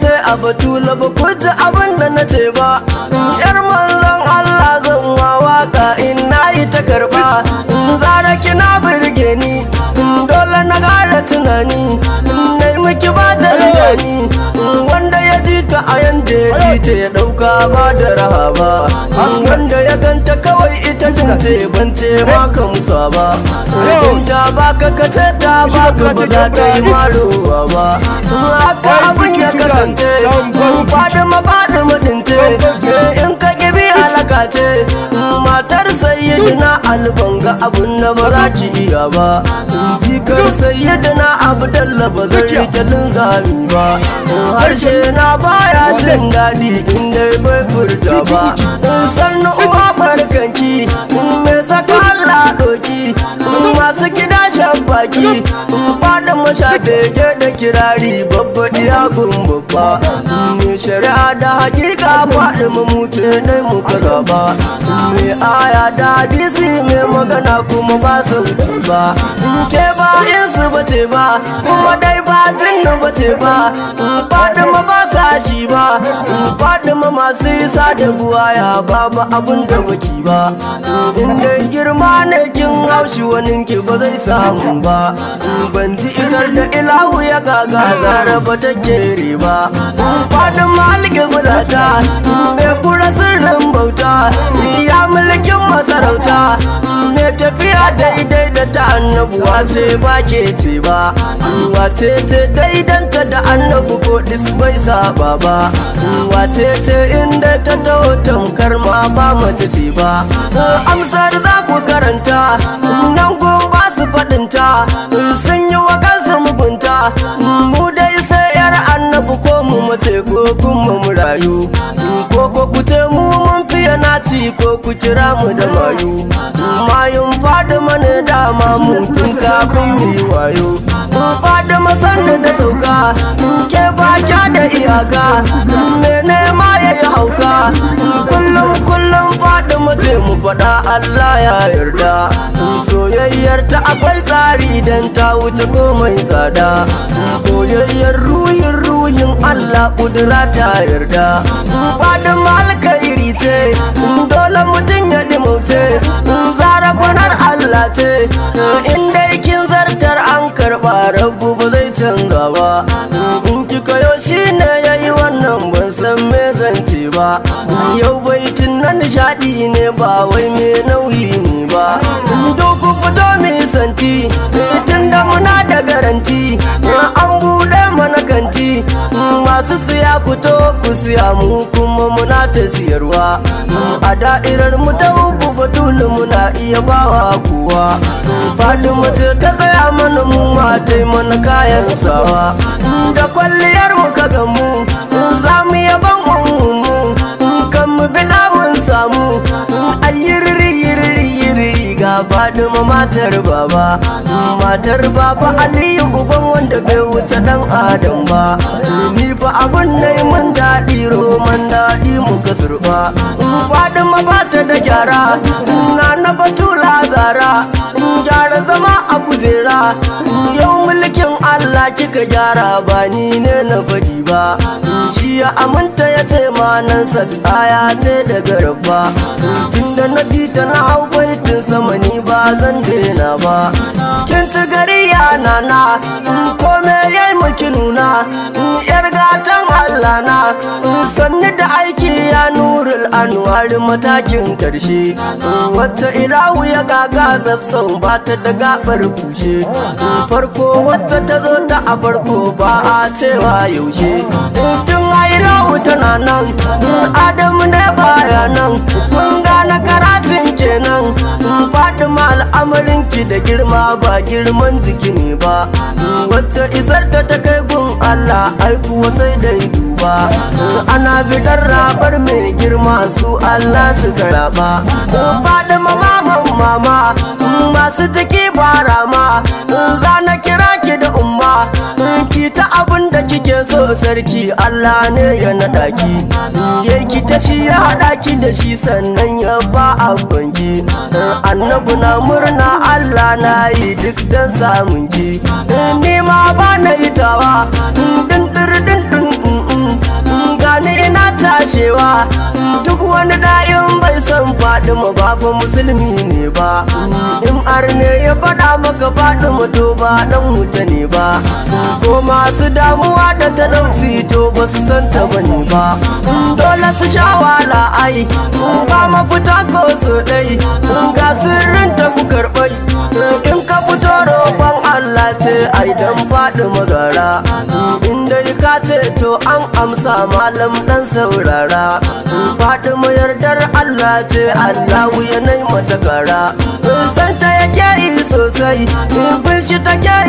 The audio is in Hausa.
sai a batula ba ku ji abin da na ce ba yar manzon Allah zan wa waka in nayi ta karba zara kina burge ni dole na gara tunani nai miki ba ta gani. a ayan da ya ji ta ya ɗauka ba da raha ba an wanda ya ganta kawai ita jinte bance ma ka musa ba ta ba ka kace ta baka ba za ta yi maruwa ba haka abin ya kasance ba da ma da mutunce in ka gibi halaka ce na alfanga abun na ba za ki iya ba jikar da na abdalla ba zan rike linzami ba harshe na baya jin daɗi in dai bai furta ba in san uwa barkanki in mai saka Allah doki masu gida shan baki sha bege da kirari babba diyagun babba me shari'a da hakika faɗi mu mutu ne kaza ba me aya da hadisi mai magana kuma ba su ba ke ba in su bace ba kuma dai ba tun bace ba faɗi mu ba sa shi ba faɗi mu. masu isa da buwaya babu abun da baki ba inda girma ne kin haushi wani ki ba zai samu ba ban ji isar da ilahu ya gaga zara ba ta kere ba fadin malike bulata mai kura sirrin bauta ya mulkin masarauta mai tafiya daidai da ta annabuwa ce ba ke ce ba wace ce daidanka da annabu ko bai saba ba wace ce inda ta taho tamkar ma ba mace ce ba amsar za ku karanta nan gun ba su faɗinta sun yi wa kansu mugunta mu dai sai yar annabi ko mu mace ko kuma mu rayu ko ko ku ce mu mun fiye ci, ko ku kira mu da mayu mayun fadi mana dama mu tun kafin mu yi wayo fadi masan da sauka ke ba da iyaka auka kullum kullum faɗi mace mu faɗa Allah ya yarda soyayyar ta akwai tsari don ta wuce komai tsada soyayyar ruhin ruhin Allah kudura ta yarda faɗi alkairi ce dole mutum ya dimauce zara gwanar Allah ce dai kin zartar an karɓa rabu ba zai canza ba in kika shi shine ba yau baitin na nishadi ne ba wai me nauyi ne ba doku fito mai santi tun da muna da garanti an bude mana kanti masu siya ku to ku siya mu kuma muna ta siyarwa a da'irar mu ta uku batulu muna iya bawa kuwa faɗi mace ta tsaya mana mu matai mana kayan sawa da kwalliyar mu ka gamu za mu yaban mu mu ayyirri yirri fadima matar baba matar baba aliyu uban wanda bai wuce dan adam ba ni fa abin na yi biro man daɗi muka zurba faɗin mafata da gyara na na batula zara gyara zama a kujera yau mulkin Allah kika gyara ba ni ne na bari ba shi ya aminta ya ce manan aya ce daga rabba tunda na ji ta na hau tun sama ni ba zan daina ba kin ci gari ya nana kome yayi ki nuna yar gata Allah na sanni da aiki ya nurul anwar matakin karshe wata irawu ya gaga zabsan ba ta da gabar kushe farko wata ta zo ta a farko ba a cewa yaushe tun a irawu tana nan adamu ne baya nan mun gane karatun kenan faɗi ma al'amarin da girma ba girman jiki ne ba wacce isar ta ta kai gun Allah ai kuwa sai dai duba ana bidan rabar mai girma su Allah su karaba faɗi ma maman mama masu jiki ba rama za na kira ki da umma ki ta abin da kike so sarki Allah ne ya naɗa ki da shi ya haɗa ki da shi sannan ya ba a banki annabu na murna Allah na yi duk dan samun ki ni ma ba na ba din din din gane ina tashewa duk wani da'in san faɗi mu ba musulmi ne ba in arne ya faɗa maka faɗi mu to ba dan wuta ne ba ko masu damuwa da talauci to ba su san ta bane ba dole su sha wala ai ba mafita ko su ɗai ga sirri amsa malam dan saurara fatima yardar Allah ce Allahu ya nai mata gara Sai ta yake sosai bin shi take